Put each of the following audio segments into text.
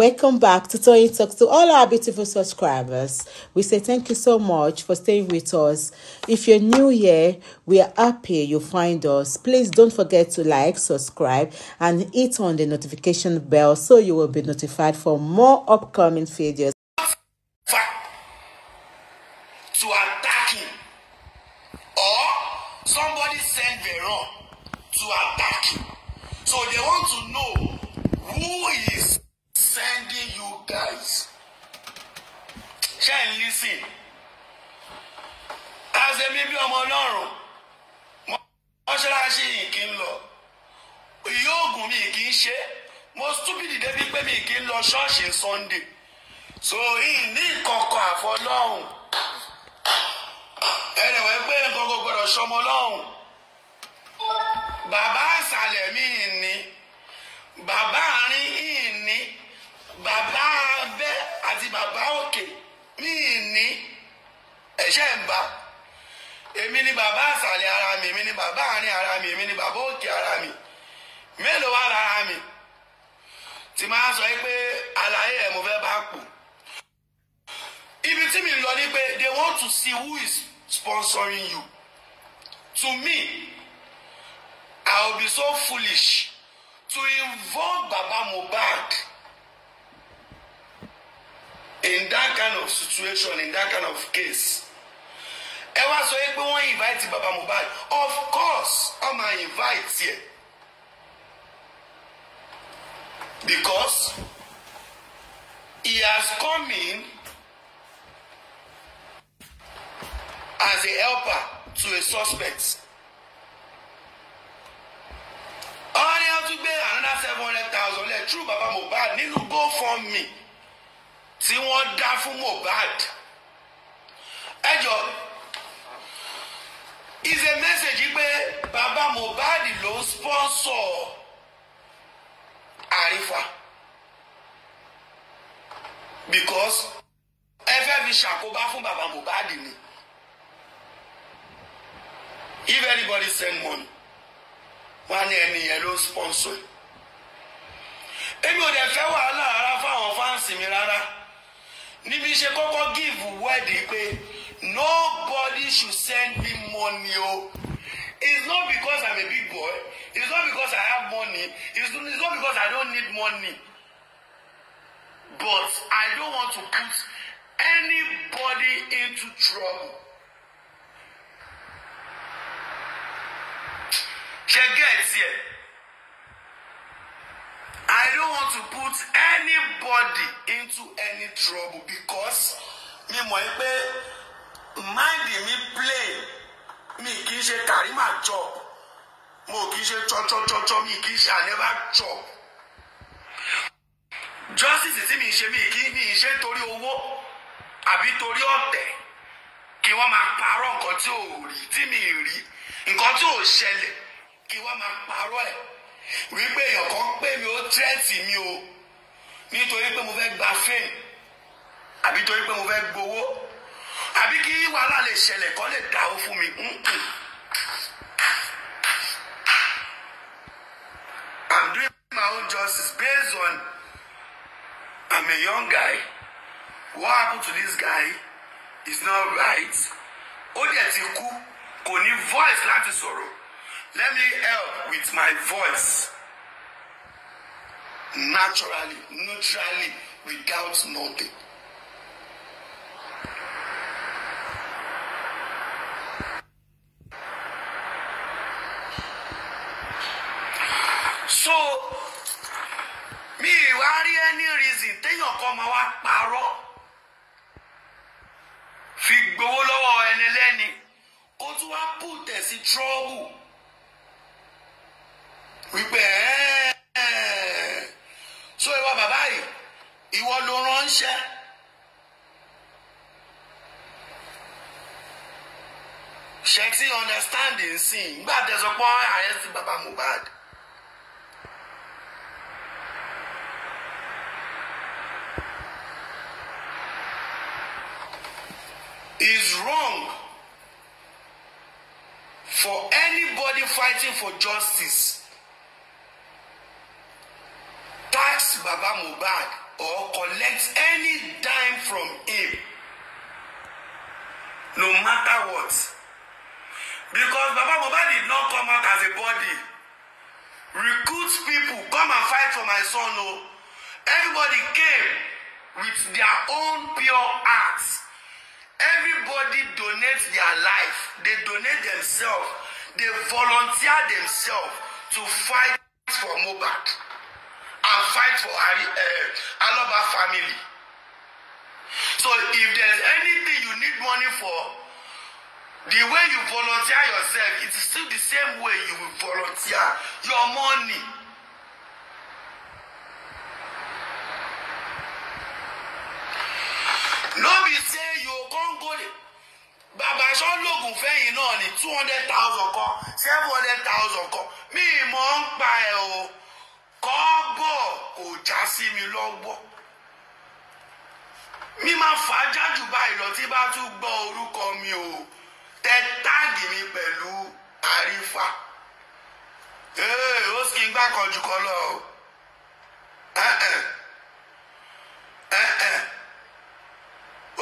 Welcome back to Toy Talks to all our beautiful subscribers. We say thank you so much for staying with us. If you're new here, we are happy you find us. Please don't forget to like, subscribe, and hit on the notification bell so you will be notified for more upcoming videos. ṣe ń lísìn àṣẹ mi bí ọmọ ọlọ́run mọ́ṣáláṣí yìí kì í lọ ìyá oògùn mi kì í ṣe mo stupid débi pé mi kì í lọ ṣọ́ọ̀ṣì sunday so yìí ní ìkọ̀kọ̀ àfọlọ́hùn ẹnì wẹ́ pé nǹkan kò gbọdọ̀ ṣọmọ lọ́hùn bàbá àṣàlẹ̀ mi ni bàbá àárín yìí ni bàbá abẹ́ àti bàbá òkè. Okay mí ní ẹ̀ṣẹ̀ ń bá èmi ni bàbá àsàlẹ̀ ara mi èmi ni bàbá àárín ara mi èmi ni bàbá òkè ara mi mélòó wà lára mi tí máa sọ pé àlàyé ẹ̀ mo fẹ́ bá kù ibi tí mi lọ ni pé they want to see who is sponsoring you to me i will be so foolish to involve Baba Mohbad in that kind of situation in that kind of case ẹ wá sọ pé wọ́n invite baba Mohbad of course wọ́n máa invite yẹ because he has come in as a helper to a suspect. ọ̀rẹ́ ọtún gbé another seven hundred thousand lẹ̀ True, baba Mohbad nínú me tí wọ́n dá fún Mohbad ẹ jọ is a message pé bàbá Mohbad ló ń sponsor àrífà because ẹ fẹ́ fi ṣàkóbá fún bàbá Mohbad ni if anybody send money wọn ní ẹni yẹn ló ń sponsor èmi ò dẹ̀ fẹ́ wàhálà rárá fáwọn fáǹsì mi rárá níbi ṣe kọ́kọ́ give word pé nobody should send me money o it's not because i'm a big boy it's not because i have money it's not, it's not because i don't need money but i don't want to put anybody into trouble. Check gẹ́ẹ̀tì ẹ̀. I don't want to put anybody into any trouble because mi mọ̀ pé mind mi play mi kì í ṣe kàrímà chop mo kì í ṣe chọ́chọ́chọ́chọ́ mi kì í ṣe ànẹ́bà chop justice tí mi ṣe mi kì í mi ṣe torí owó àbí torí ọ̀tẹ̀ kí wọ́n máa parọ́ nǹkan tí ò rí tí mi rí nǹkan tí ò ṣẹlẹ̀ kí wọ́n máa parọ́ ẹ̀ wípé èèyàn kan pè mí ó tírẹ́tì mi o nítorí pé mo fẹ́ gba fame àbí torí pé mo fẹ́ gbowó àbí kí wàhálà lè ṣẹlẹ̀ kó lè dáwó fún mi. I'm doing my own justice based on I'm a young guy. What happened to this guy is not right. Ó dẹ̀ ti kú kò ní voice láti sọ̀rọ̀ let me help with my voice naturally neutrally without nothing. so mi wá rí any reason téèyàn kan máa wá parọ́ fi gbowó lọ́wọ́ ẹni lẹ́ni kó tún wá put ẹ̀ sí trouble wípé ẹ́ẹ́ so ìwọ bàbá yìí ìwọ ló ránṣẹ́. ṣe ti understand nsìn gbà tẹsán pọ àyẹsí baba Mohbad. is wrong for anybody fighting for justice Mohbad or collect any dime from him no matter what because Baba Mohbad did not come out as a body recruit people come and fight for my son o oh. everybody came with their own pure hearts everybody donate their life they donate themselves they volunteer themselves to fight for Mohbad fight for Ari, uh, eh, Aloba family. So if there's anything you need money for, the way you volunteer yourself, it is still the same way you will volunteer your money. No be say you come go bàbá sọ́lọ́gùn fẹ́yìn náà ní two hundred thousand kan seven hundred thousand kan mi ì mọ̀ pa e o kọ́bọ̀ kò já sí mi lọ́wọ́ mi máa fà á jájú báyìí lọ tí bá tún gbọ́ orúkọ mi o tẹ táàgì mi pẹ̀lú àrífà ee ó sì ń gbà kanjú kọ lọ o ẹ ẹ ẹ ẹ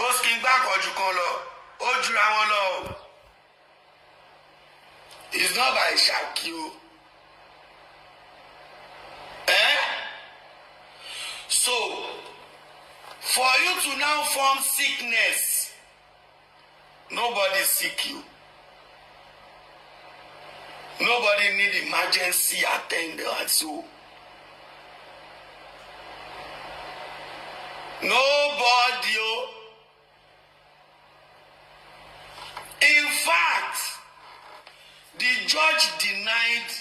ó sì ń gbà kan lọ ó jura wọn lọ o it's not by ṣàkí o. Eh? So, for you to now form sickness, nobody sick you. Nobody need emergency attendance. Nobody. Oh. In fact, the judge denied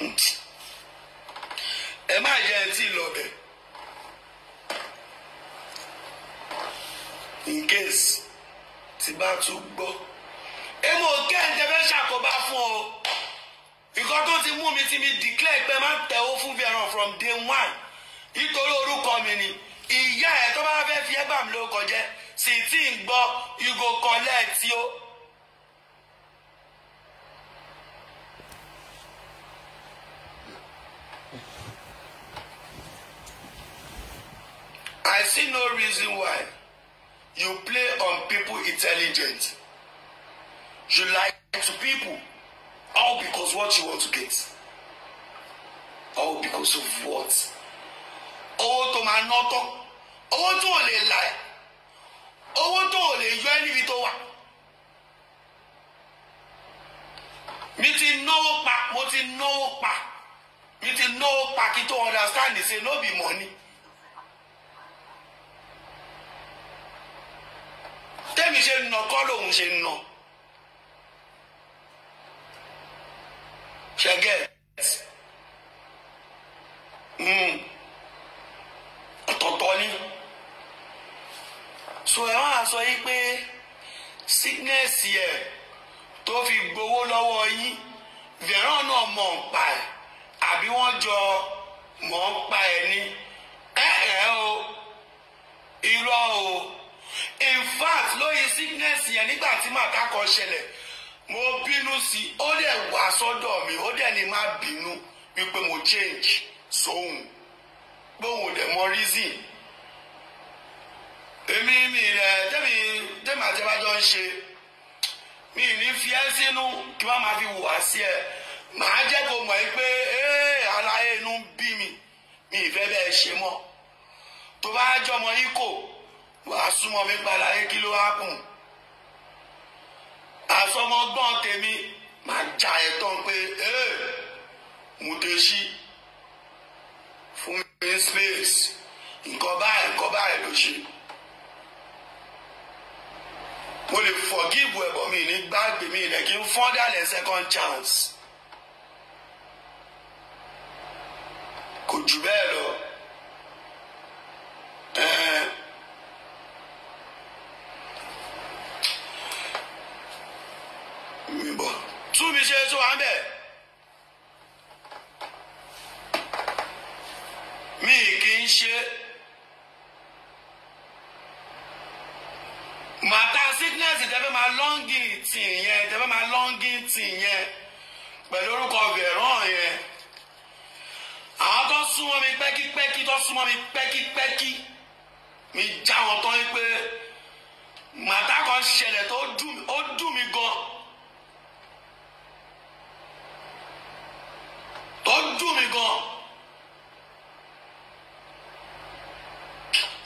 ẹ má jẹ́ ẹ tí ì lọ in case tí bá tún gbọ́. èmi ò kẹ́ ẹ̀ ń tẹ́fẹ́ ṣàkóbá fún ọ. nǹkan tó ti mú mi ti mi declare pé má tẹ̀wó fún fẹ́ràn from day one nítorí orúkọ mi ni ìyá ẹ̀ tó bá fẹ́ fi ẹgbàá mi lórúkọ jẹ́ sì tí ń gbọ́ you go collect o. I see no reason why you play on people intelligence. You like to people all because what you want to get. All because of what? Owó tó máa ná tán. Owó tó ò lè là ẹ́. Owó tó ò lè yọ ẹ́ níbi tó wà. Mi ti náwó pa, mo ti náwó pa. Mi ti náwó pa kí tó understand say no be money. bẹ́ẹ̀mi ṣe nà kọ́ lòun ṣe nà ṣẹgẹ́ hmm. ọ̀tọ̀ọ̀tọ̀ ni so ẹ wá sọ yìí pé sickness ẹ tó fi gbowó lọ́wọ́ yín Veron náà mọ̀ ń pa ẹ̀ àbí wọ́n jọ mọ̀ ń pa ẹ̀ ni ẹ̀ ẹ̀ o irọ́ o in fact lóyin sickness yẹn nígbà tí màkà kan ṣẹlẹ̀ mo bínú sí i ó dẹ̀ wá sọ́dọ̀ mi ó dẹ̀ ní má bínú wípé mo change sóhun gbóhùn dẹ̀ mọ reason èmi mi rẹ̀ tẹ́mi tẹ́mi àtẹ́bájọ́ ń ṣe mi ní fi ẹ́ sínú kí wọ́n máa fi wùwá sí ẹ màá jẹ́ kó mọ̀ ẹ́ pé ẹ́ aláyé inú bí mi mi ìfẹ́ bẹ́ẹ̀ ṣe mọ́ tó bá jọmọ yín kò wàá súnmọ́ mi padà yé kí ló wá kùn àsọmọgbọ́n tèmi máa jà ẹ̀ tán pé mùtẹ́sí fún mi space nǹkan báyìí nǹkan báyìí ló ṣe mo lè forgive ẹ̀bọ̀ mi ní gbàgbé mi rẹ̀ kí n fọ́n dálẹ̀ second chance kò jù bẹ́ẹ̀ lọ. Eh. bọ̀ tú mi ṣe tó wà ń mi kì í ṣe màtá sickness tẹ́fẹ́ máa lọ́ngì tì yẹn tẹ́fẹ́ máa lọ́ngì tì yẹn pẹ̀lú orúkọ Veron yẹn àwọn tó súnmọ́ mi pẹ́kípẹ́kí tó súnmọ́ mi pẹ́kípẹ́kí mi já wọn tán yín pé màtá kan ṣẹlẹ̀ tó dùn mí gan. dùn mí gan.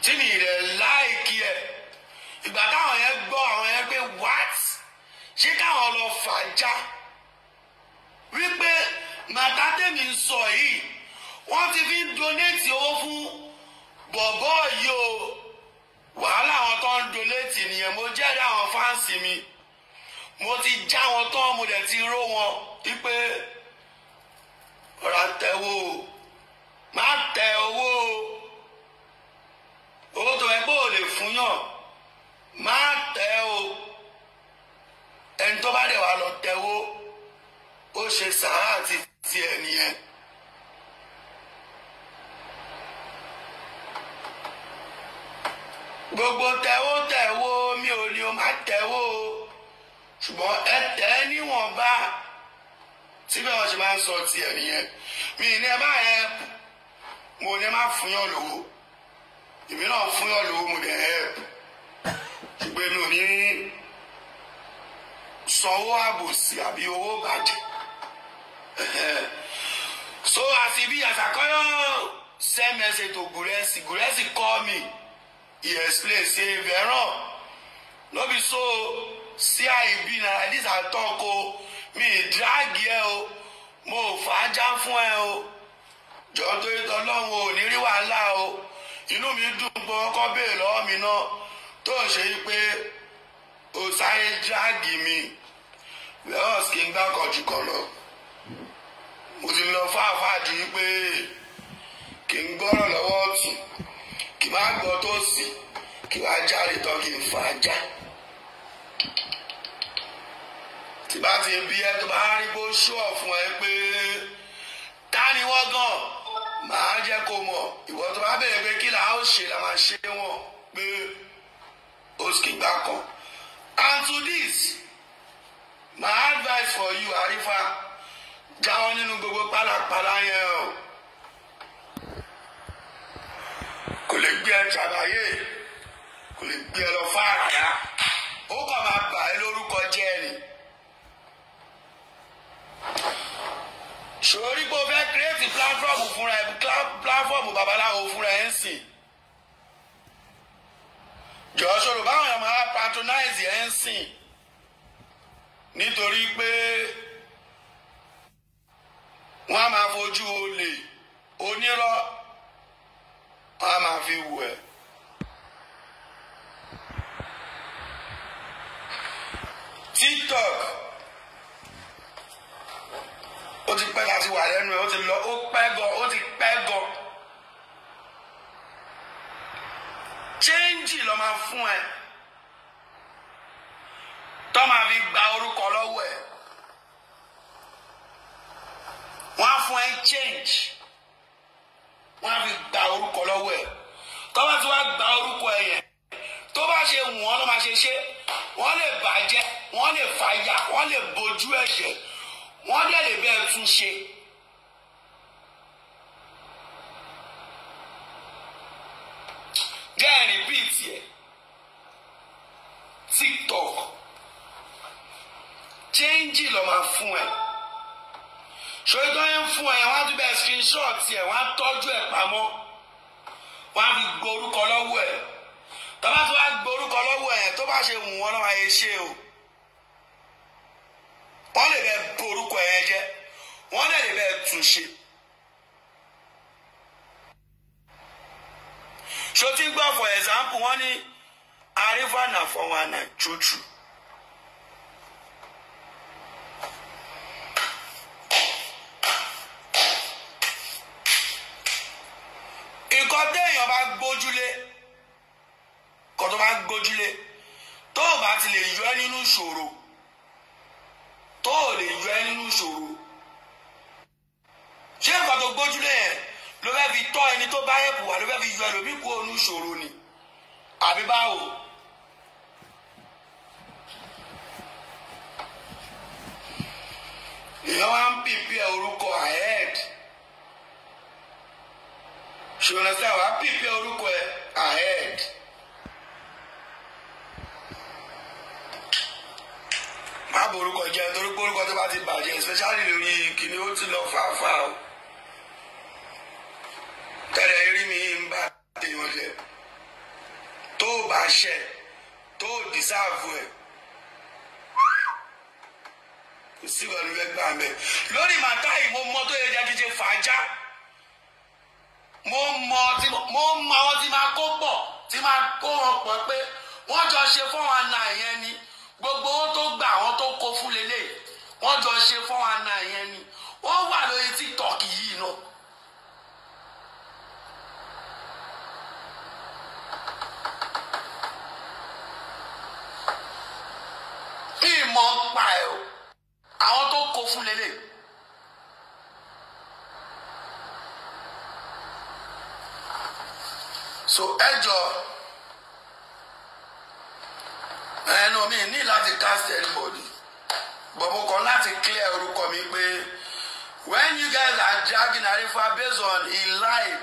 tí mi rẹ̀ láìkí ẹ̀ ìgbà táwọn yẹn gbọ́ àwọn yẹn pé what ṣé káwọn lọ fà já wípé màtá tèmi ń sọ yìí wọ́n ti fi ń donate owó fún bọ̀bọ́ yìí o wàhálà àwọn tó ń donate nìyẹn mo jẹ́rìí àwọn fáǹsì mi mo ti já wọn tán mo dẹ̀ ti ró wọn wípé ọ̀rọ̀ à ń owó o má tẹ owó o owó tó ẹgbẹ́ ò lè fún yàn má tẹ o ẹni tó bá dẹ̀ wá lọ tẹ owó ó ṣe sàárà àti tiẹ̀ nìyẹn. gbogbo tẹ̀wó tẹ̀wó mi ò ní o má tẹ̀wó o ṣùgbọ́n ẹ tẹ̀ ẹ́ níwọ̀nba tí bẹ́ẹ̀ wọ́n ṣe máa ń sọ tiẹ̀ nìyẹn mi ní ẹ máa yẹ mo ní máa fún yàn lówó èmi náà fún yàn lówó mo dẹ̀ ẹ̀ ṣùgbọ́n mi ò ní sanwó àbòsí àbí owó bàjẹ́ so àsìbí àṣàkọ́yọ́ send message to Guresi Guresi call me he explain say veron no be so see how be na like this i talk o. Oh. mi ìdírágì ẹ o mo ò fàájà fún ẹ o jọ torí tọlọ́run ò ní rí wàhálà o inú mi dùn pé ọkọ béèrè lọ́wọ́ mi náà tó ń ṣe pé o sáré dírágì mi wẹ́họ́s kí n gbá kọjú kan lọ mo ti lọ fáfáà ju pé kí n gbọ́rọ̀ lọ́wọ́ ọ̀tún kí má gbọ́ tó sì kì wá jáde tán kí n fàájà. tí bá ti bí ẹ tó bá rí bó ṣọ́ fún ẹ pé ta ni wọ́n gan màá jẹ́ kó mọ̀ ìwọ tó bá bẹ̀rẹ̀ pé kí là á ṣe là máa ṣe wọ́n pé ó sì gbà kan and to this my advice for you Arifa jáwọ́ nínú gbogbo pálapàla yẹn o kò lè gbé ẹ tàbáyé kò lè gbé ẹ lọ fáàrà yá ó kàn máa bà ẹ lórúkọ jẹ́ ni. sórí pé o fẹ́ kírètì píláfọ́ọ̀mù fúnra ẹ̀ píláfọ́ọ̀mù babaláwo fúnra ẹ̀ ń sìn jọ̀ọ́ sọ̀rọ̀ báwọn ẹ̀ máa patronize ẹ̀ ń sìn nítorí pé wọ́n á máa fojú olè onírọ́ wọ́n á máa fi wù ẹ́. TikTok ó ti pẹ́ láti wà lẹ́nu ẹ̀ ó ti lọ ó pẹ́ gan ó ti pẹ́ gan. chéńjì lọ máa fún ẹ tó máa fi gba orúkọ lọ́wọ́ ẹ wọ́n á fún ẹ change wọ́n á fi gba orúkọ lọ́wọ́ ẹ tó bá ti wá gba orúkọ ẹ yẹn tó bá ṣe wù wọ́n ló máa ṣe ṣe wọ́n lè bàjẹ́ wọ́n lè fàyà wọ́n lè bojú ẹ̀jẹ̀ wọ́n dẹ̀ lè bẹ́ẹ̀ tún ṣe. jẹ́rìí bíi tiẹ̀ tiktok chẹ́ńjì lọ́ máa fún ẹ ṣòwò tó ń fún ẹ wọ́n á tún bẹ́ẹ̀ screenshot ẹ wọ́n á tọ́jú ẹ pamọ́ wọ́n á fi gborúkọ lọ́wọ́ ẹ tọ́ bá tún wá gborúkọ lọ́wọ́ ẹ tó bá ṣe wù wọ́n lọ́wọ́ ayé ṣe o. wọ́n lè bẹ borúkọ ẹ jẹ́ wọ́n lè bẹ tún ṣe. ṣòtí gbọ́ for example wọ́n ní na fọwọ́ àná jùjù. ìṣòro ni àbí báwo. èèyàn wá ń pìpìẹ orúkọ ahead ṣùgbọ́n sẹ́ wàá pìpìẹ orúkọ ẹ ahead. má bo orúkọ jẹ́ torí pé orúkọ tó bá ti bàjẹ́ especially lórí kìnìún ó ti lọ fáfá o. tẹ̀lé èèyàn lẹ tó o bá ṣẹ tó o dìsáàfù ẹ kò sí ìwà ló fẹ́ gbà mẹ́ lórí màtá yìí mo mọ tó yẹ jákèjẹ fàájà mo mọ tí mo mọ àwọn tí máa kó pọ̀ tí máa kó wọn pọ̀ pé wọ́n jọ ṣe fọ́wọn àna yẹn ni gbogbo owó tó gbà àwọn tó kó fún lélẹ̀ wọ́n jọ ṣe fọ́wọn àna yẹn ni wọ́n wà lórí tiktok yìí náà. mọ̀ ń pa ẹ̀ o àwọn tó kó fún lélẹ̀. so ẹ ẹnu mi ní láti cast anybody but mo kàn láti clear orúkọ mi pé when you guys are dragging Arifa based on he lied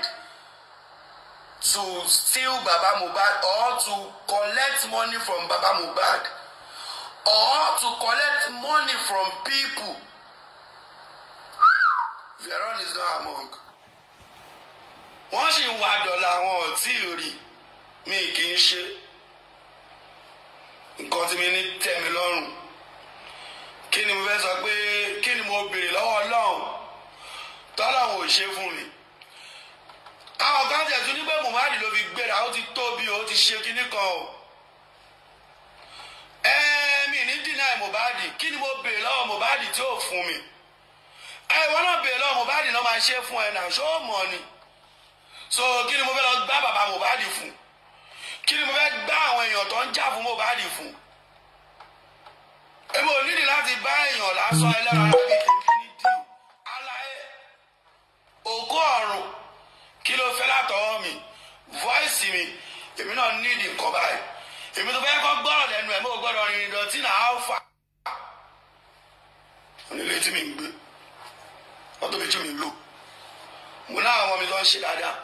to steal Baba Mohbad or to collect money from Baba Mohbad or to collect money from people. Veron is not among. Wọ́n sì ń wá dọ̀là àwọn ọ̀tí rí mi kì í ṣe nǹkan tí mi ní tẹ̀mí lọ́rùn kí ni mo fẹ́ sọ pé kí ni mo béèrè lọ́wọ́ Ọlọ́run tọ́lọ́run ò ṣe fún mi àwọn kan tẹ̀ tún ní pé Mohbad ló fi gbéra ó ti tóbi ó ti ṣe kinní kan o. ẹ ní deny Mohbad kí ni mo béèrè lọ́wọ́ Mohbad tí ò fún mi ẹ̀wọ́ náà béèrè lọ́wọ́ Mohbad náà máa ṣe fún ẹ náà ṣó mọ̀ ni so kí ni mo fẹ́ lọ gbá bàbá Mohbad fún kí ni mo fẹ́ gbá àwọn èèyàn tó ń jà fún Mohbad fún èmi ò nídìí láti bá èèyàn lásán ẹlẹ́ran alábìkẹ́ kí ni dì aláyé òkú ọ̀run kí ló fẹ́ látọwọ́ mi voice mi èmi náà nídìí nǹkan báyìí èmi tó fẹ́ kọ́ gbọ́rọ̀ lẹ́nu ẹ̀ mọ́ gbọ́dọ̀ rìn ìdọ̀tí náà á fà. onílé tí mi ń gbé mọ́tò méjì mi ń lò mo náà àwọn ọmọ mi tó ń ṣe dáadáa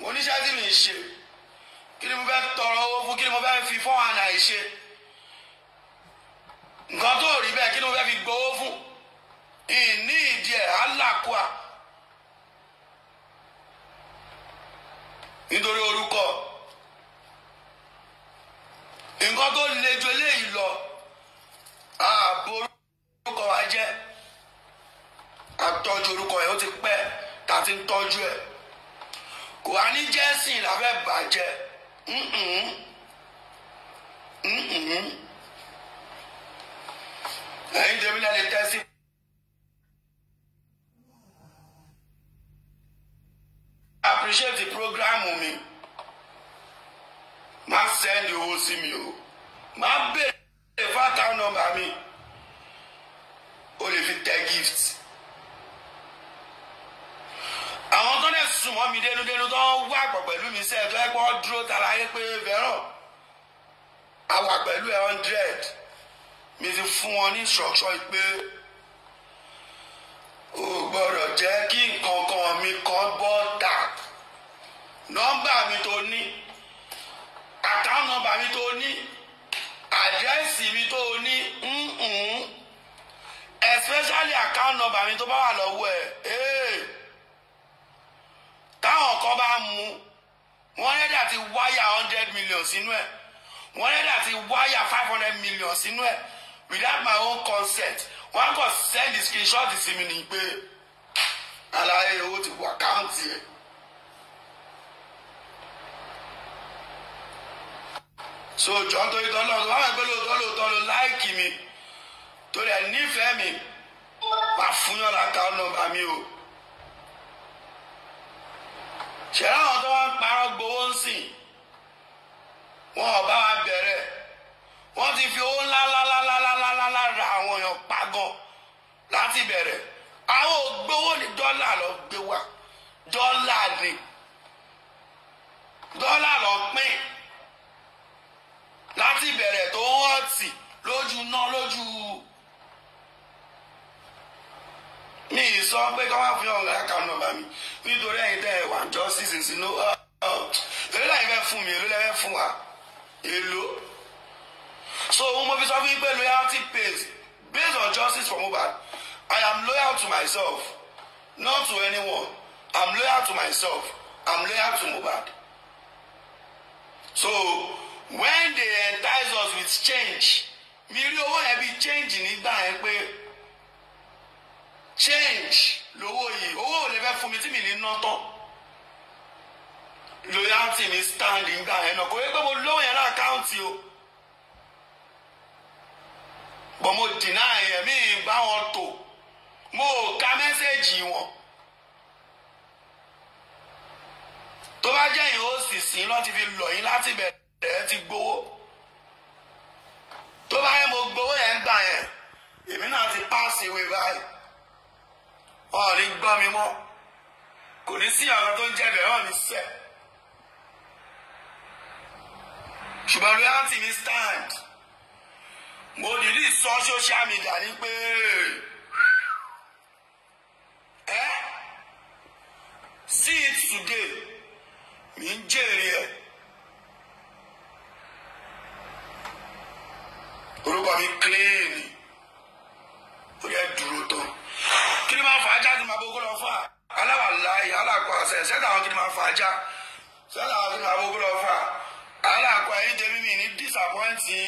mo níṣẹ́ tí mi ń ṣe kí ni mo fẹ́ tọrọ owó fún kí ni mo fẹ́ fi fọ́n àná ìṣe nǹkan tó rí bẹ́ẹ̀ kí ni mo fẹ́ fi gbowó fún ìní ìdí ẹ̀ alákùá nítorí orúkọ nǹkan tó le ju eléyìí lọ ààbò orúkọ wa jẹ́ àtọ́jú orúkọ yẹn ó ti pẹ́ tá ti ń tọ́jú ẹ̀ kò wá ní jẹ́sìn lábẹ́ bàjẹ́ ẹ̀yin tèmi náà lè tẹ́sí. appreciate the program mi. Um, má sẹ́ndì owó sí mi o má béèrè fata nọ́mbà mi o lè fi tẹ gift. àwọn tó dẹ̀ sùnmọ́ mi dénúdénú tó ń wá pọ̀ pẹ̀lú mi sẹ́ẹ̀ tó ẹ gbọ́ dúró tara yé pé fẹ́ràn àwà pẹ̀lú ẹ̀ hundred mi ti fún wọn ní instruction pé o gbọ́dọ̀ jẹ́ kí nǹkan kan mi kan bọ́ tà nọ́mbà mi tó ní àkáwọn nọ́mbà mi tó ní àdírẹ́sì mi tó ní especially àkáwọn nọ́mbà mi tó bá wà lọ́wọ́ ẹ̀ eh. táwọn kan bá mú wọ́n rẹ́dà ti wáyà hundred million sínú ẹ̀ wọ́n rẹ́dà ti wáyà five hundred million sínú ẹ̀ without my own consent wọ́n kàn send the screenshot sí mi ní pé àlàyé owó ti wọ àkáǹtì ẹ̀. so jọ̀ọ́ torí tọ́ náà wọ́n á gbé lóòótọ́ lóòótọ́ ló láìkì mi torí ẹ̀ nífẹ̀ẹ́ mi máa fún yọ̀ọ́ láta nọ́mbà mi o. ṣẹ̀rá àwọn tó wá ń parọ́ gbowó ń sìn wọn ò bá wa bẹ̀rẹ̀ wọ́n ti fi owó ńlá lálálálálálá ra àwọn èèyàn pagọ́ láti bẹ̀rẹ̀ àwọn ò gbowó ní dọ́là lọ gbé wa dọ́là ni dọ́là lọ pín láti ìbẹ̀rẹ̀ tó hàtì lójú ná lójú mi sọ pé kọ́ máa fi ọ̀rọ̀ ẹ̀ka nọ́mbà mi nítorí ẹ̀yin tẹ́ ẹ̀ wà jọ sísìn sínú èlò láì fẹ́ fún mi èlò lẹ́fẹ́ fún wa èlò so mo fi sọ fún loyalty pays based on justice for Mohbad I am loyal to myself not to anyone I'm loyal to myself I'm loyal to Mohbad so when they entice us with change mi rí owó yẹn bí change nígbà yẹn pé change lówó yìí owó ò lè fẹ́ fún mi tí mi ní ná tán loyalty mi stand nígbà yẹn náà kò yẹ pé mo lówó yẹn láàkáǹtì o bọ́n mo deny yẹn mi ì bá tò mo ò ka mẹ́sẹ̀gì wọn. tó bá jẹ́ ìhó sì sí lọ́n ti fi lọ̀ yín láti bẹ̀rẹ̀ ẹ ti gbowó tó bá yẹ mo gbowó yẹn ń gbà yẹn èmi náà ti páàsì ìwé báyìí wọn ò ní gbọ́ mi mọ́ kò ní sí àwọn tó ń jẹ bẹ̀rẹ̀ wọn ní sẹ́ ṣùgbọ́n reality mi stand mo dìlí sọ social media ní pé ẹ see it today mi ń jèrè ẹ. orúkọ mi kílíìnì ó yẹ dúró tán kí ni máa fà á jáde máa bókó lọ fà á aláwà láàyè aláàkọ àṣẹ sẹ́dá àwọn kí ni máa fà á já sẹ́dá àwọn kí ni máa bókó lọ fà á aláàkọ ayé jẹ mímì ní dísàpọ́ǹtì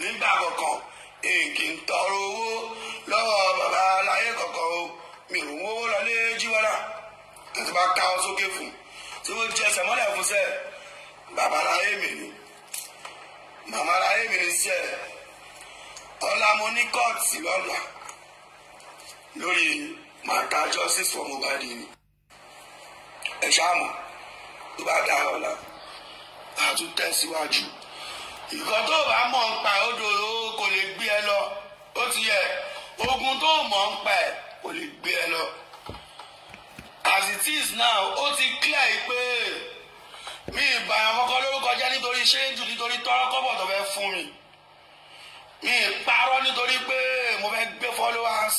nígbà kọ̀ọ̀kan èkì ń tọrọ owó lọ́wọ́ bàbá aláyé kọ̀ọ̀kan o mi ò mú owó lọlé jíwọ́lá tètè bá ká ọ sókè fún tí wọ́n jẹ ẹsẹ̀ mọ́lẹ̀ fún sẹ́ẹ̀ bàbá aláyé mi ni màmá aláyé mi ni sẹ́ẹ̀ ọ̀la mo ní kọ́ọ̀tì lọ́la lórí màtá justice for Mohbad ni ẹ ṣáàmù tó bá dá ọ̀la àtún tẹ̀síwájú ìkan tó bá mọ̀ ń pa odò kò lè gbé ẹ lọ ó ti yẹ ogun tó mọ̀ ń pa ẹ kò lè gbé ẹ lọ as it is now ó ti clear pé mi ìbàyàn kọ́kọ́ lórúkọ jẹ́ nítorí ṣéńjù nítorí tọ́rọ́kọ́bọ̀ tó fẹ́ fún mi mi parọ́ nítorí pé mo fẹ́ gbé followers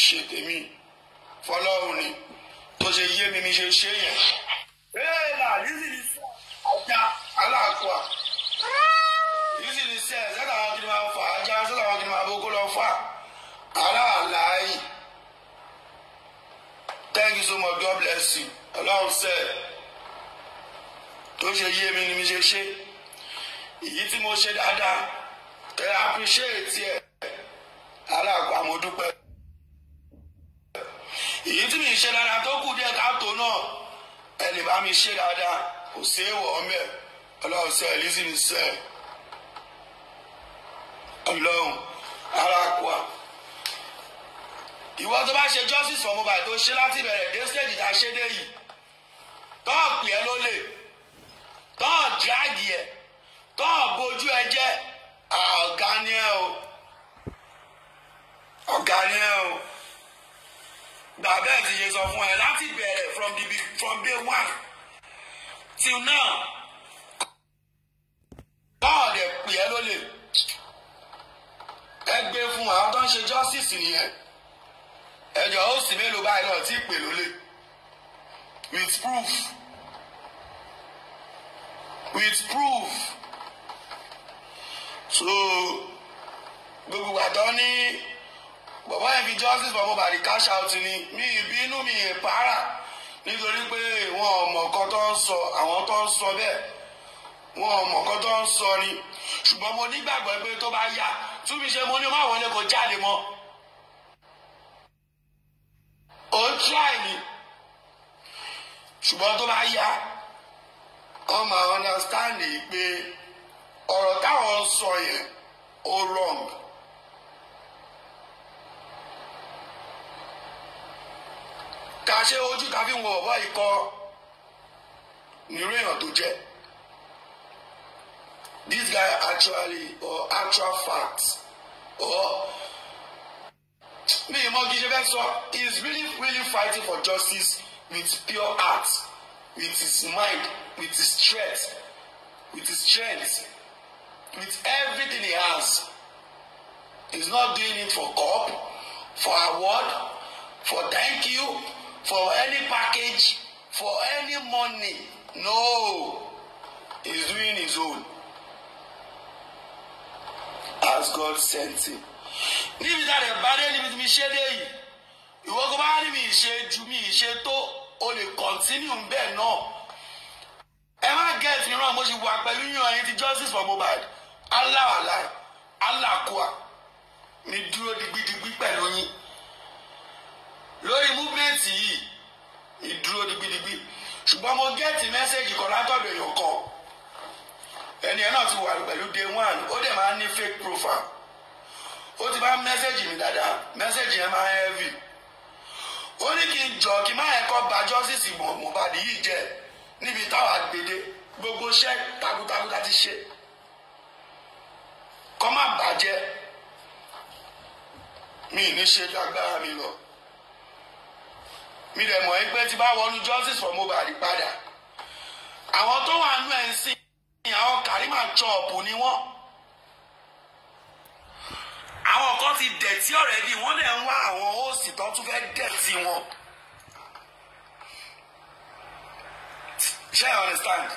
ṣe tèmi fọlọ́run ni tó ṣe yé mi ni ṣe ṣe yẹn. ee na yìí ni sẹ ajá aláàkúà yìí ni sẹ sẹ́dá àwọn kìnìún máa ń fà ajá sẹ́dá àwọn kìnìún máa bó kó lọ fà aláàláyì. Thank you so much God bless you. ọlọ́run sẹ́ẹ̀ tó ṣe yé mi ni mi ṣe ṣe èyí tí mo ṣe dáadáa ẹ apíṣẹ́ẹ̀tì ẹ aláàkó àmọ́dúpẹ́ èyí tí mi ṣe dáadáa tó kù díẹ̀ káàtó náà ẹ lè bá mi ṣe dáadáa kò sí èèwọ̀ ọmọ ọlọ́run sẹ́ elizabeth sẹ́ ọlọ́run aláàkó ìwọ tó bá ṣe justice for mobile tó ṣe láti bẹ̀rẹ̀ dé stage tá yìí tọ́ọ̀pù ẹ ló lè tọ́ọ̀ dráàgì ẹ̀ tó àbójú ẹ jẹ́ ọ̀gá ni ẹ o ọ̀gá ni ẹ o bàbá ẹ ti ṣe sọ fún ẹ láti bẹ̀rẹ̀ from day one till now báwọn dẹ̀ pè ẹ́ lólè ẹ gbé fún àwọn tó ń ṣe justice nìyẹn ẹjọ́ ó sì mélòó báyìí náà tí pè lólè with proof with proof so gbogbo àtọ́ ní bàbá yẹn fi justice for Mohbad cash out ni mi ìbínú mi ìpara nítorí pé wọn ò mọ̀ nǹkan tó ń sọ àwọn tó ń sọ bẹ́ẹ̀ wọn ò mọ̀ nǹkan tó ń sọ ni ṣùgbọ́n mo nígbàgbọ́ pé tó bá yá túbí ṣe mo ní o máa wọlé kó jáde mọ́ ó ń try ni ṣùgbọ́n tó bá yá ọmọ understand pé ọ̀rọ̀ táwọn sọ yẹn ó wrong. ká ṣe ojú ká fi ń wọ ọ̀bá ikọ́ nírú èèyàn tó jẹ́ this guy actually or actual fact or me, ìmọ̀ kìí sọ he is really really fighting for justice with pure heart with his mind with his strength with his strength with everything he has. He's not doing it for cup, for award, for thank you, for any package, for any money. No. He's doing his own. As God sent him. Níbi tá a lè bá dé níbi tí mi ṣe dé yìí, ìwọ kò bá rí mi ṣe ju mi ṣe tó o lè kọ̀ntínú bẹ́ẹ̀ náà. Ẹ má gẹ̀ẹ́sì ràn mo ṣì wà pẹ̀lú yíyan yín ti justice for Mohbad allah allah allah kua mi dúró digbidigbi pẹ̀lú yín lórí múvmẹ́ǹtì yìí mi dúró digbidigbi ṣùgbọ́n mo gẹ́ẹ̀tì mẹ́sẹ̀gì kan látọ̀dọ̀ èèyàn kan ẹni ẹ náà ti wà pẹ̀lú day one ó dẹ̀ máa ń ní fake profile ó ti máa ń mẹ́sẹ̀gì mi dáadáa mẹ́sẹ̀gì yẹn máa ń heavy ó ní kí n jọ kí n má yẹ kọ́ ba justice Mohbad yìí jẹ níbi táwa gbèdé gbogbo iṣẹ́ takuntakun láti ṣe kọ́ má bàjẹ́ mi ní ṣe dágbára mi lọ mi dẹ̀ mọ̀ ẹgbẹ́ tí bá wọnú justice for Mohbad padà àwọn tó wà nú ẹ̀ ń sìn ní àwọn kàrímà chọ́ọ̀pù ni wọ́n àwọn kan ti dẹ̀tí already wọ́n dẹ̀ ń wá àwọn hóòsì tó tún fẹ́ dẹ̀tí wọn ṣé you understand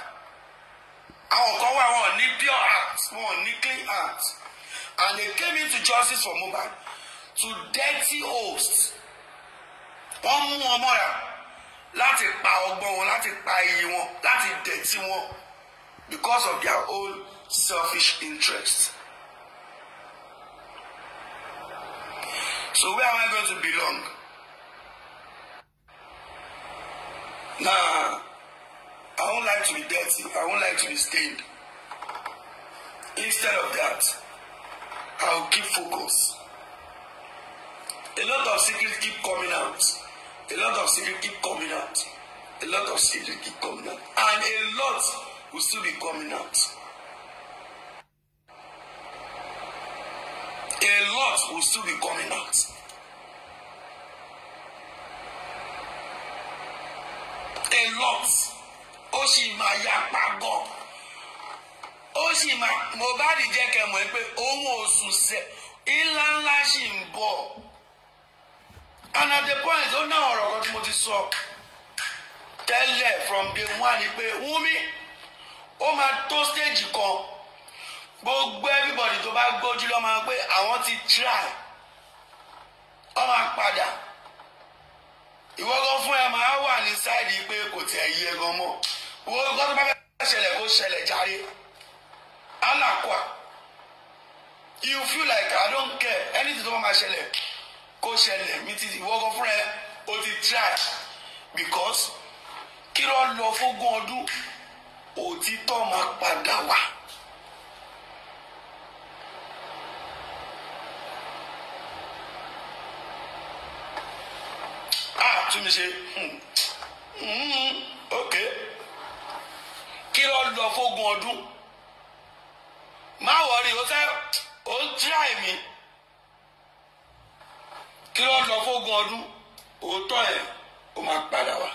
àwọn kan wà wọn ní pure heart wọn ní clean heart and they came into justice for mobile to dirty host wọ́n mú wọn mọ́ra láti pa ọgbọ́n wọn láti pa iyì wọn láti dẹ̀tí wọn because of their own selfish interest. So where am I going to belong? Nah. I don't like to be dirty. I don't like to be stained. Instead of that, I'll keep focus. A lot of secrets keep coming out. A lot of secrets keep coming out. A lot of secrets keep coming out. And a lot will still be coming out. A lot will still be coming out. A lot. o ma ya yapa gọ̀ ó sì máa Mohbad jẹ́ kẹmọ̀ pé òun ò sùn sẹ́ and at the point mo ti sọ from day one ni pé Wúnmi ma máa stage kan gbogbo everybody to ba gbójú lọ máa pé ti try ọ ma padà ìwọ́gán fún wà ní kò mọ́. wo gbọ́dọ̀ bá fẹ́ ṣẹlẹ̀ kó ṣẹlẹ̀ jàre anakwa you feel like i don't care anything tó bá máa ṣẹlẹ̀ kó ṣẹlẹ̀ mi ti ìwọ́gọ́ fún ẹ o ti try because kí ló lọ fógún ọdún òtítọ́ máa padà wá. a ah, tún mi ṣe hmm. Hmm, ok lọ fógun ọdún má wọrí o fẹ́ o ń tíráì mi kí ló lọ fógun ọdún òótọ́ ẹ̀ ó máa padà wá.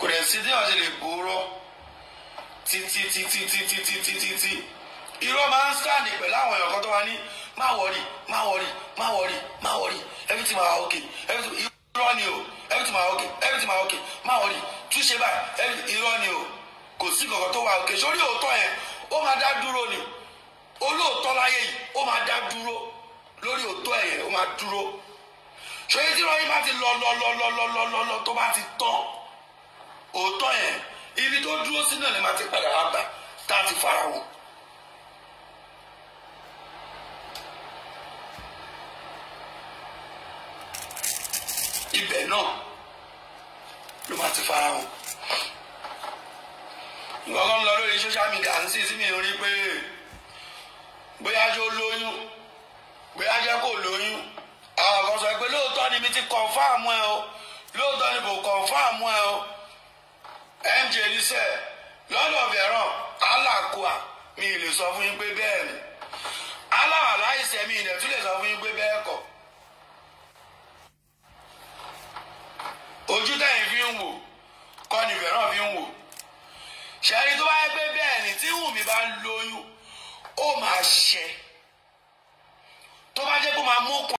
kò dẹ̀ sí tí wọ́n ti lè gbòòrọ̀ títí títí títí títí títí irọ́ máa ń sáàdì pẹ̀lú àwọn èèyàn kan tó wá ní má wọrí má wọrí má wọrí má wọrí everything máa wá okay everything irọ́ ni o everything ma okay everything ma okay má wọlé tún ṣe báyìí irọ́ ni o kò sí kankan tó wà okay sórí òótọ́ yẹn ó máa dá dúró ni olóòótọ́ láyé yìí ó ma dá dúró lórí òótọ́ ẹ̀yẹ ó máa dúró ṣòye tí rọ́yìn bá ti lọ lọ lọ lọ lọ lọ lọ lọ tó bá ti tán òótọ́ yẹn ibi tó dúró sí náà ni màá ti padà wá gbà tá a ti fara wò. ibẹ náà ló máa ti fara hàn nǹkan kan lọ lórí social media ń sì sí mi pé bóyá ṣó lóyún bóyá jẹ́ kó àwọn kan sọ pé lóòótọ́ ni ti kọ̀ǹfàmù ẹ o lóòótọ́ ni kò kọ̀ǹfàmù ẹ o mj lisẹ lọ́dọ̀ mi lè sọ fún yín pé bẹ́ẹ̀ ni tún lè sọ fún yín pé bẹ́ẹ̀ ojú tẹ̀yìn fi ń wò kọ́ ni fẹ́ràn fi ń wò ṣẹ́rí tó bá yẹ pé bẹ́ẹ̀ ni tí Wùnmí bá ń lóyún ó máa ṣẹ tó bá jẹ́ kó máa mú